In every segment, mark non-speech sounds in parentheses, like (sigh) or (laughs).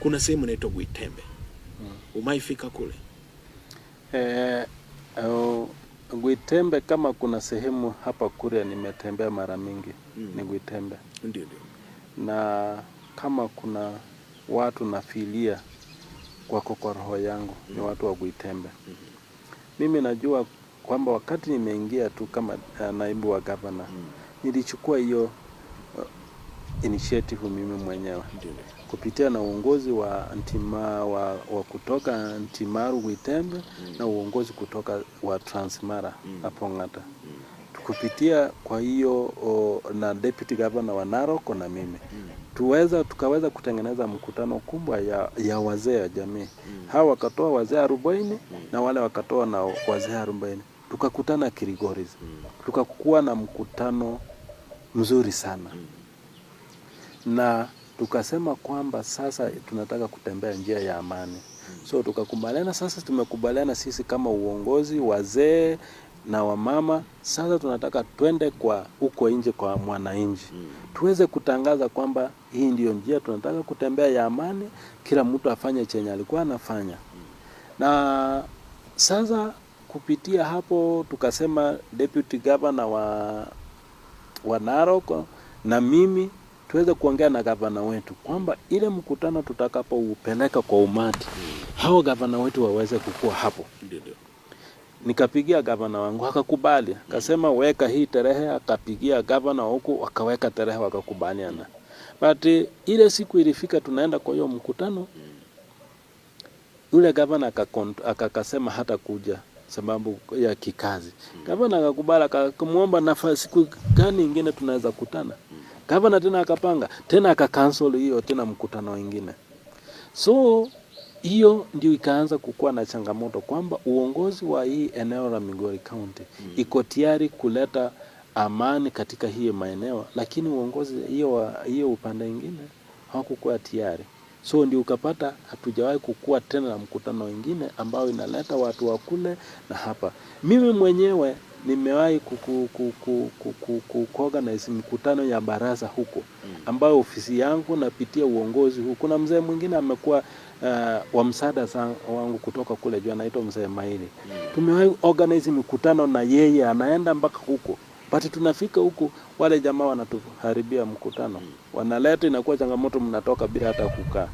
kuna sehemu inaitwa Gwitembe. Hmm. Umaifika kule? Eh, Uh, eh, Gwitembe oh, kama kuna sehemu hapa Kuria nimetembea mara mingi mm. Ni Gwitembe. Ndio, ndio. Na kama kuna watu nafilia kwako kwa roho yangu mm. Ni hmm. watu wa Gwitembe hmm. Mimi najua kwamba wakati nimeingia tu kama uh, naibu wa gavana mm. Nilichukua hiyo initiative mimi mwenyewe kupitia na uongozi wa ntima, wa, wa kutoka Ntimaru Witembe mm. na uongozi kutoka wa Transmara mm. hapo mm. Ng'ata mm. kupitia kwa hiyo na deputy governor wa Narok na mimi mm. tuweza tukaweza kutengeneza mkutano kubwa ya, ya wazee wa jamii mm. hawa wakatoa wazee arobaini mm. na wale wakatoa na wazee arobaini tukakutana Kirigoris mm. tukakuwa na mkutano mzuri sana mm na tukasema kwamba sasa tunataka kutembea njia ya amani. So tukakubaliana sasa, tumekubaliana sisi kama uongozi, wazee na wamama, sasa tunataka twende kwa huko nje kwa mwananchi hmm. tuweze kutangaza kwamba hii ndiyo njia tunataka kutembea ya amani, kila mtu afanye chenye alikuwa anafanya hmm. na sasa kupitia hapo tukasema deputy governor wa, wa Narok na mimi tuweze kuongea na gavana wetu kwamba ile mkutano tutakapoupeleka kwa umati, hao gavana wetu waweze kukua hapo. Nikapigia gavana wangu akakubali, akasema weka hii tarehe. Akapigia gavana wa huku wakaweka tarehe, wakakubaliana. But ile siku ilifika, tunaenda kwa hiyo mkutano, yule gavana akakasema hata kuja sababu ya kikazi. Mm. Gavana akakubali, akamwomba nafasi, siku gani ingine tunaweza kutana. Gavana tena akapanga tena akakansel hiyo tena mkutano wengine. So hiyo ndio ikaanza kukuwa na changamoto kwamba uongozi wa hii eneo la Migori County mm. iko tayari kuleta amani katika hiyo maeneo, lakini uongozi hiyo hiyo upande mwingine hawakukuwa tayari. So ndio ukapata hatujawahi kukua tena na mkutano wengine ambao inaleta watu wa kule na hapa. Mimi mwenyewe nimewahi kuorganize mkutano ya baraza huko mm. ambayo ofisi yangu napitia uongozi huko. Kuna mzee mwingine amekuwa uh, wa msaada wangu kutoka kule juu, anaitwa mzee Maili mm. tumewahi organize mkutano na yeye, anaenda mpaka huko but tunafika huku, wale jamaa wanatuharibia mkutano mm. wanaleta, inakuwa changamoto, mnatoka bila hata kukaa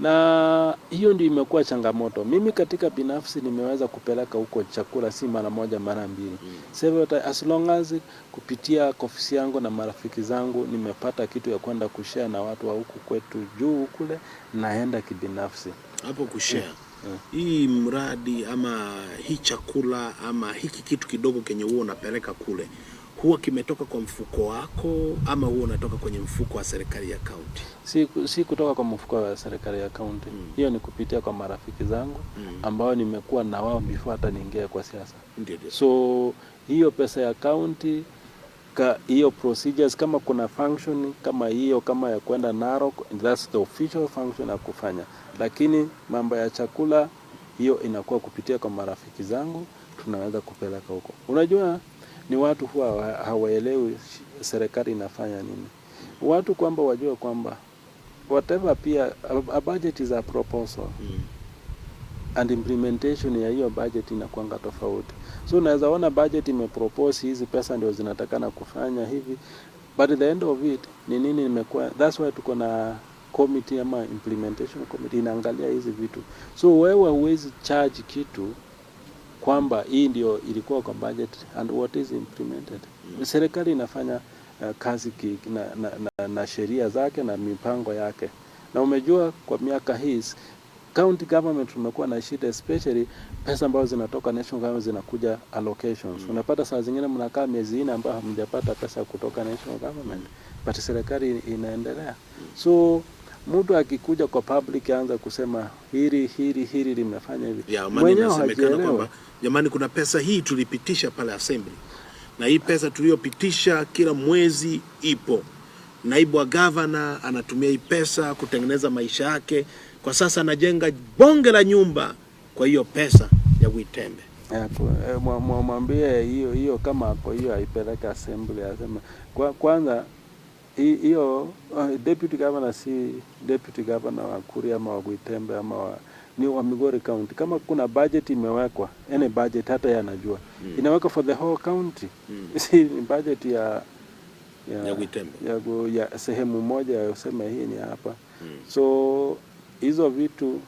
na hiyo ndio imekuwa changamoto. Mimi katika binafsi nimeweza kupeleka huko chakula si mara moja, mara mbili, mm. several as long as kupitia ofisi yangu na marafiki zangu nimepata kitu ya kwenda kushare na watu wa huku kwetu juu kule, naenda kibinafsi hapo kushare yeah. Mm, yeah. Mm. Hii mradi ama hii chakula ama hiki kitu kidogo kenye huo unapeleka kule huwa kimetoka kwa mfuko wako ama huwa unatoka kwenye mfuko wa serikali ya kaunti? Si, si kutoka kwa mfuko wa serikali ya kaunti mm. Hiyo ni kupitia kwa marafiki zangu mm. ambao nimekuwa na wao before hata niingia kwa siasa. So hiyo pesa ya kaunti ka, hiyo procedures kama kuna function kama hiyo kama ya kwenda Narok, that's the official function ya kufanya, lakini mambo ya chakula hiyo inakuwa kupitia kwa marafiki zangu tunaweza kupeleka huko, unajua ni watu huwa hawaelewi serikali inafanya nini. Watu kwamba wajue kwamba whatever pia a budget is a proposal mm. and implementation ya hiyo budget inakuanga tofauti. So unaweza ona budget imepropose hizi pesa ndio zinatakana kufanya hivi, but the end of it ni nini imekuwa. That's why tuko na committee ama implementation committee inaangalia hizi vitu. So wewe huwezi charge kitu kwamba hii ndio ilikuwa kwa budget and what is implemented. Serikali inafanya uh, kazi ki, na, na, na, na sheria zake na mipango yake, na umejua kwa miaka hii county government tumekuwa na shida especially pesa ambazo zinatoka national government zinakuja allocations. Mm. Unapata saa zingine mnakaa miezi nne ambayo hamjapata pesa kutoka national government, mm. but serikali inaendelea. Mm. So mtu akikuja kwa public anza kusema hili hili hili limefanya hivi, mwenyewe hajielewa. Jamani, kuna pesa hii tulipitisha pale assembly, na hii pesa tuliyopitisha kila mwezi ipo. Naibu wa gavana anatumia hii pesa kutengeneza maisha yake, kwa sasa anajenga bonge la nyumba kwa hiyo pesa ya witembe eh, Mwambie hiyo hiyo, kama ako hiyo aipeleka assembly, asema kwanza hiyo uh, deputy governor si deputy governor wa Kuria ama wa Gwitembe ama wa, ni wa Migori County. Kama kuna budget imewekwa any budget, hata yeye anajua mm. inawekwa for the whole county mm. (laughs) si ni budget ya ya, ya, ya, go, ya sehemu moja useme hii ni hapa mm. so hizo vitu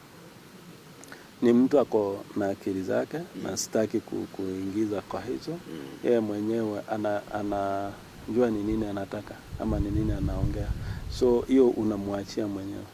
ni mtu ako na akili zake mm. na hmm. sitaki ku, kuingiza kwa hizo mm. yeye mwenyewe ana, ana jua ni nini anataka ama ni nini anaongea, so hiyo unamwachia mwenyewe.